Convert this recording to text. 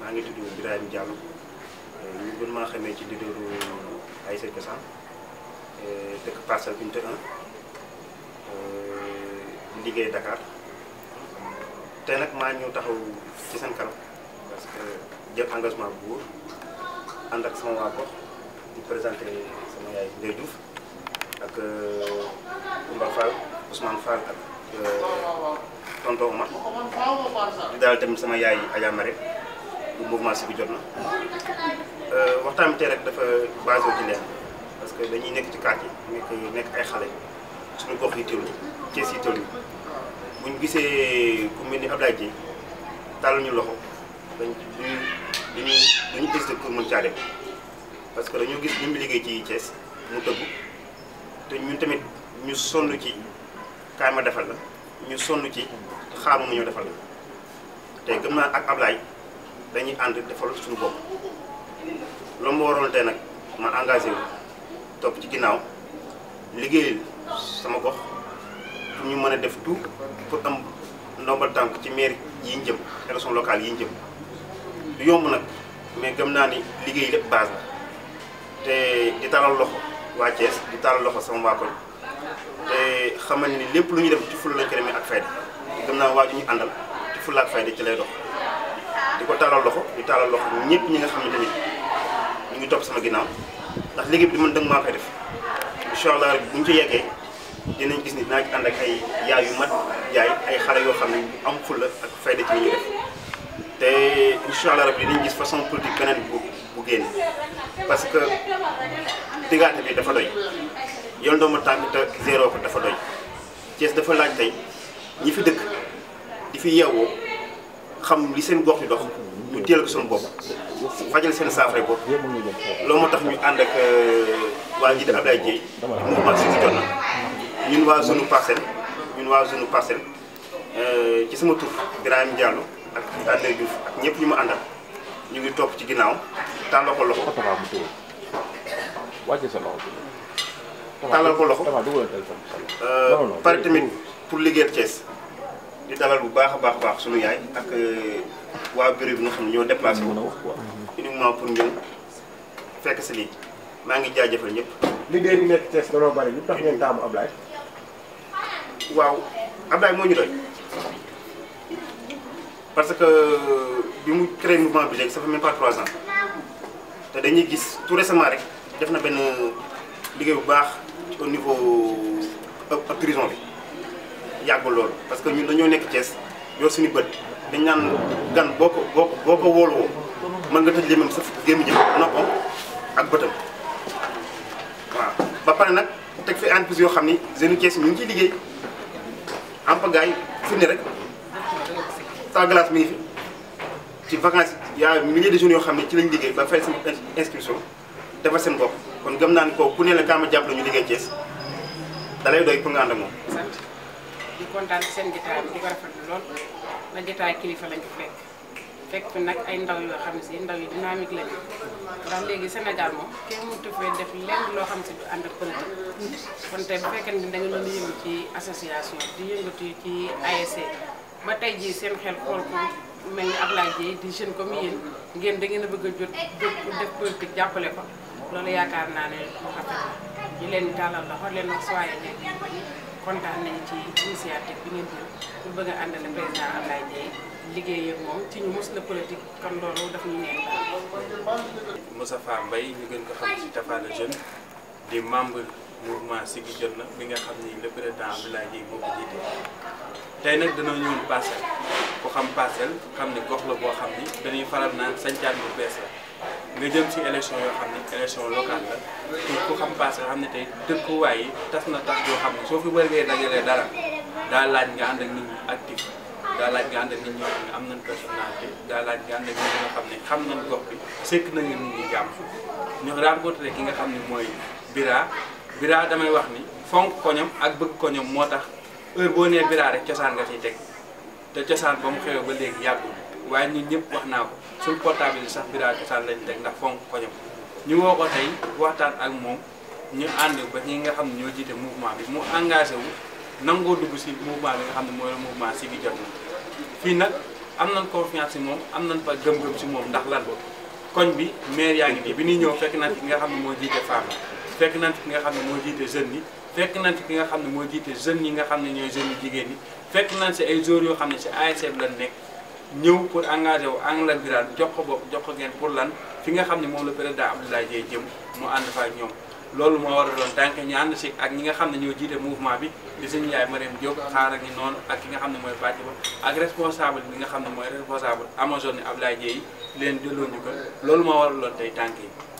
maa ngi tudd Birahim Diallo eh, ñu gën maa xamee ci leaderu Aïssa Kassam eh, dëkk Parcelles Unité 1 eh, liggéey Dakar te nag maa ñëw taxaw ci seen kanam parce que jël engagement bu wóor ànd ak sama waa gox di présenté sama yaay Ndeye Diouf ak Oumba Fall Ousmane Fall ak. tonton Omar di dalal tamit sama yaay Adja Mare bu mouvement si bi jot na euh, waxtaan bi rek dafa basé ci leen parce que dañuy nekk ci quartier nekk nekk ay xale suñu gox yi tëllu Cees yi tëllu bu gisee ku mel ni Abdoulaye Dièye tàlluñu loxo dañ duñu duñu duñu hésité pour mën parce que dañoo gis li mu liggéey ci Cees mu tëgg te ñun tamit ñu sonn ci kaay ma defal la ñu sonn ci te xaar mu ñëw te gëm naa ak Ablaye dañuy ànd defal suñu bopp loolu moo waroon tey nag ma engagé wu topp ci ginnaaw liggéeyal sama gox pour ñu mën a def tout pour am ndombal tànk ci mairie yi ñu jëm élection locale yi ñu jëm du yomb nag mais gëm naa ni liggéey lépp base la te di talal loxo waa Thiès di taalal loxo sama waa koñ te xamal ni lépp lu ñuy def ci fulla lañ ko demee ak fayda gëm naa waaju ñu àndal ci fulla fayda ci lay dox di ko taalal loxo di taalal loxo ñëpp ñi nga xam ne tamit ñu ngi topp sama ginnaaw ndax liggéey bi di mën dëgg maa koy def incha allah bu ñu ci yeggee dinañ gis ni dinaa ci ay yaay yu mat yaay ay xale yoo xam ne am fulla ak fayda ci li ñuy def te incha allah rabbi dinañ gis façon politique beneen bu bu génn parce que digaate bi dafa doy yoon doomu tàng te zéro ko dafa doy Thiès dafa laaj tey ñi fi dëkk di fi yeewoo xam li seen gox di dox ñu teel ko suñu bopp fajal seen saafara bopp loo moo tax ñu ànd ak euh, waa ji di Abdoulaye Dieye mouvement si jot na ñun waa zone parcelle ñun waa zone parcelle euh, ci sama tur Birame Diallo ak Adé Diouf ak ñëpp ñu ma àndal ñu ngi topp ci ginnaaw tàlloo ko loxo loxo tàllal ko loxo pare tamit pour liggéeyal Thiès di dalal bu baax a baax baax suñu yaay ak euh, waa bureau bi nga xam ne ñoo déplacé wu mm-hmm. uniquement pour ñëw fekk si lii maa ngi jaajëfal ñëpp liggéey bi nekk Thiès danoo bari lu tax ngeen taamu Ablaye waaw Ablaye moo ñu doy parce que bi mu créé mouvement bi léegi sa fait même pas trois ans te dañuy gis tout récemment rek def na benn liggéey bu baax au niveau euh, prison bi yàggul loolu parce que ñun dañoo nekk Thiès yor suñu bët dañ naan gan boo ko boo ko boo ko wóoluwoo mën nga tëj limam sa gémmiñam noppam ak bëtam waaw ba pare nag teg fi entreprise yoo xam ni jeunes Thiès ñu ngi ciy liggéey ampagaay fi rek sa glace mi ngi fi ci vacances y a milliers de jeunes yoo xam ne ci lañ liggéey ba fay sama inscription defal seen bopp kon gëm naa ne kooku ku ne la kaama jàppale ñu liggéey Thiès dalay doy pour nga ànd ak moom. sant di kontaan ci seen jotaay bi di ko rafetlu lool la jotaay kilifa lañ ko fekk fi nag ay ndaw yoo xam si ndaw yi dynamique lañu ndax léegi Sénégal moom kenn mënut fee loo xam si du ànd ak politique kon tey bu fekkee ne da nga doon ci association di yëngatu ci ASC ba tey jii seen xel xool ko mel ni Ablaye Dieye di jeune comme yéen ngeen da ngeen a bëgg a jot jot def politique jàppale ko. loolu yaakaar naa ne lu rafet la di leen tàllal loxo leen wax soyé nekk kontaan nañ ci initiative bi ngeen jël pour bëgg a àndale président Abdoulaye Dièye liggéey ak moom ci ñu mos la politique kon daf ñu neen daal Moustapha ñu gën ko xam ci Tapha le jeune di membre mouvement Siggi Jot na bi nga xam ni le président Abdoulaye Dièye moo ko jiite tey nag dana ñëwoon Parcelles ku xam Parcelles xam ne gox la boo xam ni dañuy faral naan sancaan bu bees la nga jëm ci élection yoo xam ne élection locale la te ku xam paase nga xam ne tey dëkkuwaay yi tas na tas yoo xam ne soo fi wargee dajale dara daa laaj nga ànd ak nit ñi actif daa laaj nga ànd ak nit ñoo am nañ personnalité daa laaj nga ànd ak nit xam ne xam nañ gox bi sekk nañu nit ñi jàmm ñu rencontré ki nga xam ne mooy Bira Bira damay wax ni fonk koñom ak bëgg koñom moo tax boo nee Bira rek cosaan nga ciy teg te cosaan ba mu xewee ba léegi yàggul waaye ñun ñëpp wax naa ko suñu portable yi sax Bira Cosaan lañ teg ndax fonk ko ñëpp ñu woo ko tey waxtaan ak moom ñu ànd ba ñi nga xam ne ñoo jiite mouvement bi mu engagé wu nangoo dugg si mouvement bi nga xam ne mooy mouvement si bi jot na fii nag am nañ confiance si moom am nañ fa gëm-gëm si moom ndax lan koñ bi maire yaa ngi nii bi ñuy ñëw fekk nañ fi ki nga xam ne moo jiite femme fekk nañ fi ki nga xam ne moo jiite jeunes yi fekk nañ fi ki nga xam ne moo jiite jeunes yi nga xam ne ñooy jeunes yi jigéen yi fekk nañ si ay joueurs yoo xam ne si ASC bi lañ nekk ñëw pour engagé wu Anglade Birane jox ko bopp jox ko ngeen pour lan fi nga xam ne moom la président Abdoulaye Dieye jëm mu ànd fa ak ñoom loolu moo war a doon tànk ñu ànd si ak ñi nga xam ne ñoo jiite mouvement bi di sëñ yaay Mariam Diop xaaral ngi noonu ak ki nga xam ne mooy bàcc ba ak responsable bi nga xam ne mooy responsable Amazone Abdoulaye Dieye yi leen delloo ñu loolu moo war a doon tey tànk yi